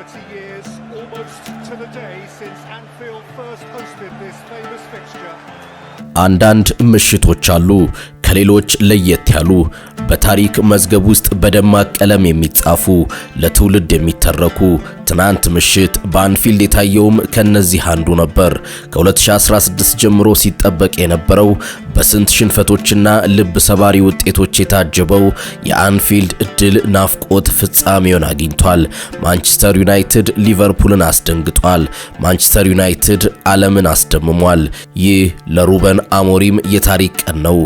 30 years, almost to the day since Anfield first hosted this famous fixture. አንዳንድ ምሽቶች አሉ ከሌሎች ለየት ያሉ በታሪክ መዝገብ ውስጥ በደማቅ ቀለም የሚጻፉ ለትውልድ የሚተረኩ። ትናንት ምሽት በአንፊልድ የታየውም ከነዚህ አንዱ ነበር። ከ2016 ጀምሮ ሲጠበቅ የነበረው በስንት ሽንፈቶችና ልብ ሰባሪ ውጤቶች የታጀበው የአንፊልድ እድል ናፍቆት ፍጻሜውን አግኝቷል። ማንቸስተር ዩናይትድ ሊቨርፑልን አስደንግጧል። ማንቸስተር ዩናይትድ ዓለምን አስደምሟል። ይህ ለሩበን አሞሪም የታሪክ ቀን ነው።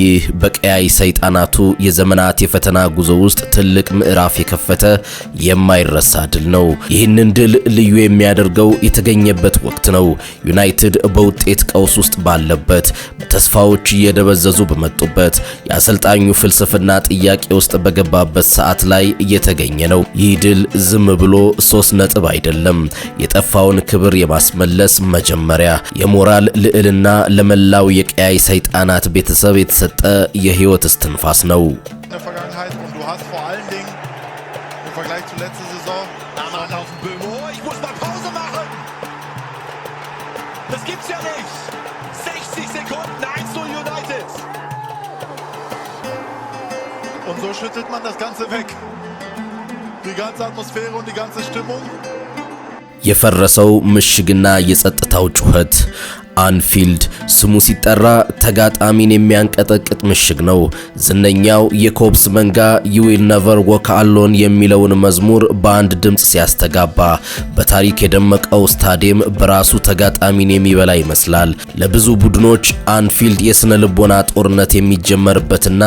ይህ በቀያይ ሰይጣናቱ የዘመናት የፈተና ጉዞ ውስጥ ትልቅ ምዕራፍ የከፈተ የማይረሳ ድል ነው። ይህንን ድል ልዩ የሚያደርገው የተገኘበት ወቅት ነው። ዩናይትድ በውጤት ቀውስ ውስጥ ባለበት ተስፋው ሰዎች እየደበዘዙ በመጡበት የአሰልጣኙ ፍልስፍና ጥያቄ ውስጥ በገባበት ሰዓት ላይ እየተገኘ ነው። ይህ ድል ዝም ብሎ ሶስት ነጥብ አይደለም፣ የጠፋውን ክብር የማስመለስ መጀመሪያ፣ የሞራል ልዕልና፣ ለመላው የቀያይ ሰይጣናት ቤተሰብ የተሰጠ የህይወት እስትንፋስ ነው። Und so schüttelt man das Ganze weg. Die ganze Atmosphäre und die ganze Stimmung የፈረሰው ምሽግና የጸጥታው ጩኸት አንፊልድ ስሙ ሲጠራ ተጋጣሚን የሚያንቀጠቅጥ ምሽግ ነው። ዝነኛው የኮብስ መንጋ ዩዊል ነቨር ወክ አሎን የሚለውን መዝሙር በአንድ ድምፅ ሲያስተጋባ በታሪክ የደመቀው ስታዲየም በራሱ ተጋጣሚን የሚበላ ይመስላል። ለብዙ ቡድኖች አንፊልድ የሥነ ልቦና ጦርነት የሚጀመርበትና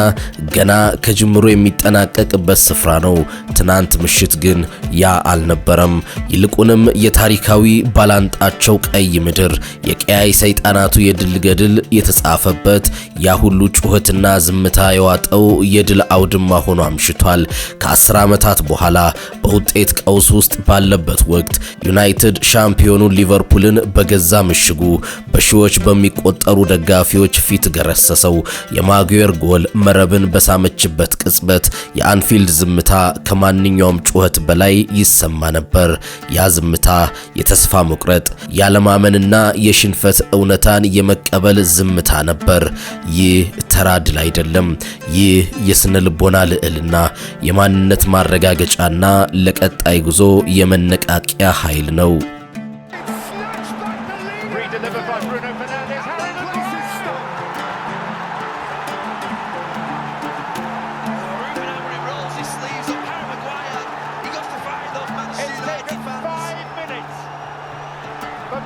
ገና ከጅምሮ የሚጠናቀቅበት ስፍራ ነው። ትናንት ምሽት ግን ያ አልነበረም። ይልቁንም የታሪካዊ ባላንጣቸው ቀይ ምድር የቀያይ የሰይጣናቱ የድል ገድል የተጻፈበት ያ ሁሉ ጩኸትና ዝምታ የዋጠው የድል አውድማ ሆኖ አምሽቷል። ከአስር ዓመታት በኋላ በውጤት ቀውስ ውስጥ ባለበት ወቅት ዩናይትድ ሻምፒዮኑን ሊቨርፑልን በገዛ ምሽጉ በሺዎች በሚቆጠሩ ደጋፊዎች ፊት ገረሰሰው። የማጉዌር ጎል መረብን በሳመችበት ቅጽበት የአንፊልድ ዝምታ ከማንኛውም ጩኸት በላይ ይሰማ ነበር። ያ ዝምታ የተስፋ መቁረጥ፣ ያለማመንና የሽንፈት እውነታን የመቀበል ዝምታ ነበር። ይህ ተራድል አይደለም። ይህ የስነ ልቦና ልዕልና፣ የማንነት ማረጋገጫና ለቀጣይ ጉዞ የመነቃቂያ ኃይል ነው።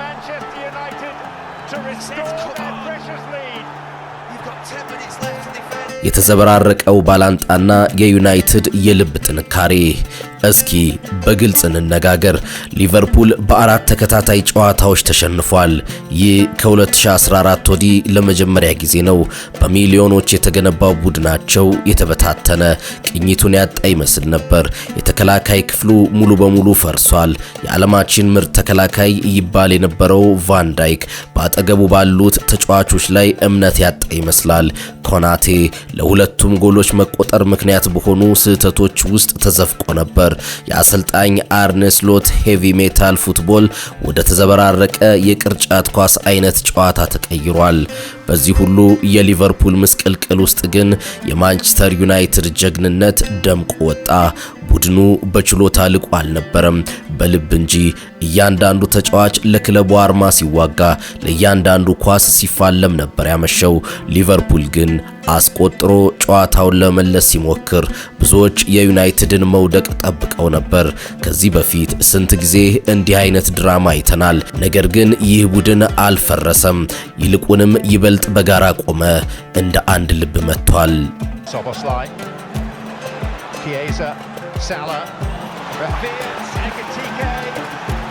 Manchester United to restore their precious lead. የተዘበራረቀው ባላንጣና የዩናይትድ የልብ ጥንካሬ። እስኪ በግልጽ እንነጋገር፣ ሊቨርፑል በአራት ተከታታይ ጨዋታዎች ተሸንፏል። ይህ ከ2014 ወዲህ ለመጀመሪያ ጊዜ ነው። በሚሊዮኖች የተገነባው ቡድናቸው የተበታተነ፣ ቅኝቱን ያጣ ይመስል ነበር። የተከላካይ ክፍሉ ሙሉ በሙሉ ፈርሷል። የዓለማችን ምርጥ ተከላካይ ይባል የነበረው ቫንዳይክ በአጠገቡ ባሉት ተጫዋቾች ላይ እምነት ያጣ ይመስላል። ኮናቴ ለሁለቱም ጎሎች መቆጠር ምክንያት በሆኑ ስህተቶች ውስጥ ተዘፍቆ ነበር። የአሰልጣኝ አርኔስ ሎት ሄቪ ሜታል ፉትቦል ወደ ተዘበራረቀ የቅርጫት ኳስ አይነት ጨዋታ ተቀይሯል። በዚህ ሁሉ የሊቨርፑል ምስቅልቅል ውስጥ ግን የማንቸስተር ዩናይትድ ጀግንነት ደምቆ ወጣ። ቡድኑ በችሎታ ልቆ አልነበረም፣ በልብ እንጂ። እያንዳንዱ ተጫዋች ለክለቡ አርማ ሲዋጋ፣ ለእያንዳንዱ ኳስ ሲፋለም ነበር ያመሸው። ሊቨርፑል ግን አስቆጥሮ ጨዋታውን ለመለስ ሲሞክር ብዙዎች የዩናይትድን መውደቅ ጠብቀው ነበር። ከዚህ በፊት ስንት ጊዜ እንዲህ አይነት ድራማ አይተናል። ነገር ግን ይህ ቡድን አልፈረሰም፣ ይልቁንም ይበልጥ በጋራ ቆመ፣ እንደ አንድ ልብ መጥቷል። Salah. Rafinha, Ekatike,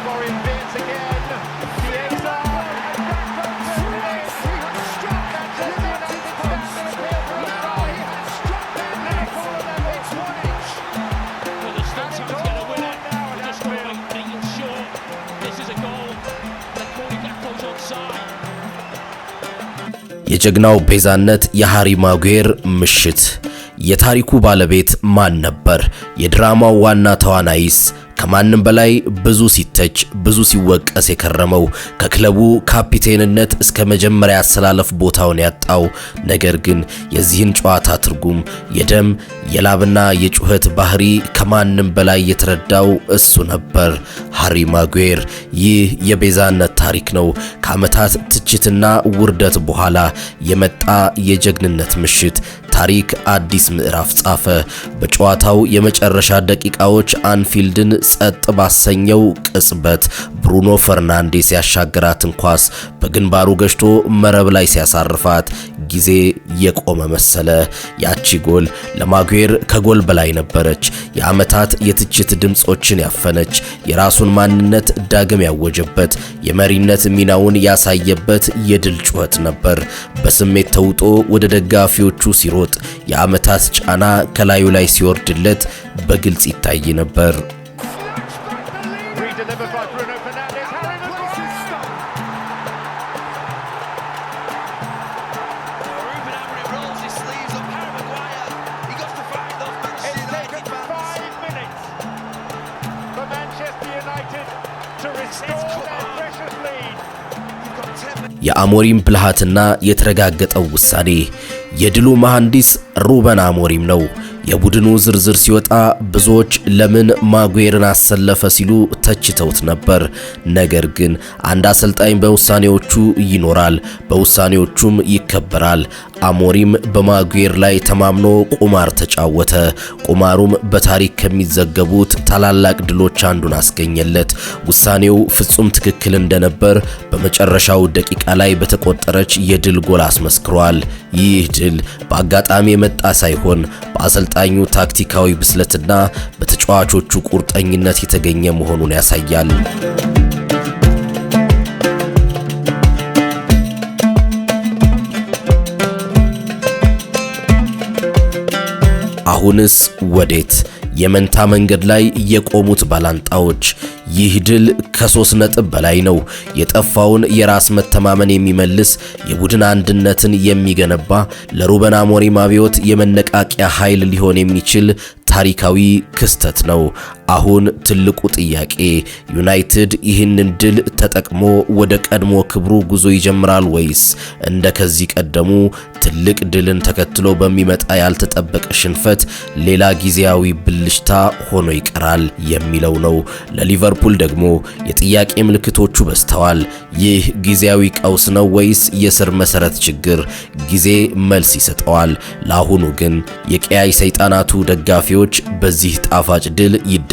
Florian Wirtz again. Chiesa. የጀግናው ቤዛነት የሃሪ ማጉየር ምሽት የታሪኩ ባለቤት ማን ነበር? የድራማው ዋና ተዋናይስ? ከማንም በላይ ብዙ ሲተች ብዙ ሲወቀስ የከረመው ከክለቡ ካፒቴንነት እስከ መጀመሪያ አሰላለፍ ቦታውን ያጣው ነገር ግን የዚህን ጨዋታ ትርጉም የደም የላብና የጩኸት ባህሪ ከማንም በላይ የተረዳው እሱ ነበር፣ ሃሪ ማጉዌር። ይህ የቤዛነት ታሪክ ነው። ከዓመታት ትችትና ውርደት በኋላ የመጣ የጀግንነት ምሽት ታሪክ አዲስ ምዕራፍ ጻፈ። በጨዋታው የመጨረሻ ደቂቃዎች አንፊልድን ጸጥ ባሰኘው ቅጽበት ብሩኖ ፈርናንዴስ ያሻገራትን ኳስ በግንባሩ ገጭቶ መረብ ላይ ሲያሳርፋት ጊዜ የቆመ መሰለ። ያቺ ጎል ለማጉዌር ከጎል በላይ ነበረች። የዓመታት የትችት ድምፆችን ያፈነች፣ የራሱን ማንነት ዳግም ያወጀበት፣ የመሪነት ሚናውን ያሳየበት የድል ጩኸት ነበር። በስሜት ተውጦ ወደ ደጋፊዎቹ ሲሮጥ ለውጥ የዓመታት ጫና ከላዩ ላይ ሲወርድለት በግልጽ ይታይ ነበር። የአሞሪም ብልሃትና የተረጋገጠው ውሳኔ የድሉ መሐንዲስ ሩበን አሞሪም ነው። የቡድኑ ዝርዝር ሲወጣ ብዙዎች ለምን ማጉየርን አሰለፈ ሲሉ ተችተውት ነበር። ነገር ግን አንድ አሰልጣኝ በውሳኔዎቹ ይኖራል፣ በውሳኔዎቹም ይከበራል። አሞሪም በማጉየር ላይ ተማምኖ ቁማር ተጫወተ። ቁማሩም በታሪክ ከሚዘገቡት ታላላቅ ድሎች አንዱን አስገኘለት። ውሳኔው ፍጹም ትክክል እንደነበር በመጨረሻው ደቂቃ ላይ በተቆጠረች የድል ጎል አስመስክሯል። ይህ ድል በአጋጣሚ የመጣ ሳይሆን በአሰልጣኙ ታክቲካዊ ብስለትና በተጫዋቾቹ ቁርጠኝነት የተገኘ መሆኑን ያሳያል። አሁንስ ወዴት? የመንታ መንገድ ላይ የቆሙት ባላንጣዎች። ይህ ድል ከሶስት ነጥብ በላይ ነው። የጠፋውን የራስ መተማመን የሚመልስ የቡድን አንድነትን የሚገነባ ለሩበን አሞሪም አብዮት የመነቃቂያ ኃይል ሊሆን የሚችል ታሪካዊ ክስተት ነው። አሁን ትልቁ ጥያቄ ዩናይትድ ይህንን ድል ተጠቅሞ ወደ ቀድሞ ክብሩ ጉዞ ይጀምራል ወይስ እንደ ከዚህ ቀደሙ ትልቅ ድልን ተከትሎ በሚመጣ ያልተጠበቀ ሽንፈት ሌላ ጊዜያዊ ብልሽታ ሆኖ ይቀራል የሚለው ነው። ለሊቨርፑል ደግሞ የጥያቄ ምልክቶቹ በዝተዋል። ይህ ጊዜያዊ ቀውስ ነው ወይስ የስር መሰረት ችግር? ጊዜ መልስ ይሰጠዋል። ለአሁኑ ግን የቀያይ ሰይጣናቱ ደጋፊዎች በዚህ ጣፋጭ ድል ይደ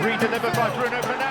Redelivered by Bruno Fernandes.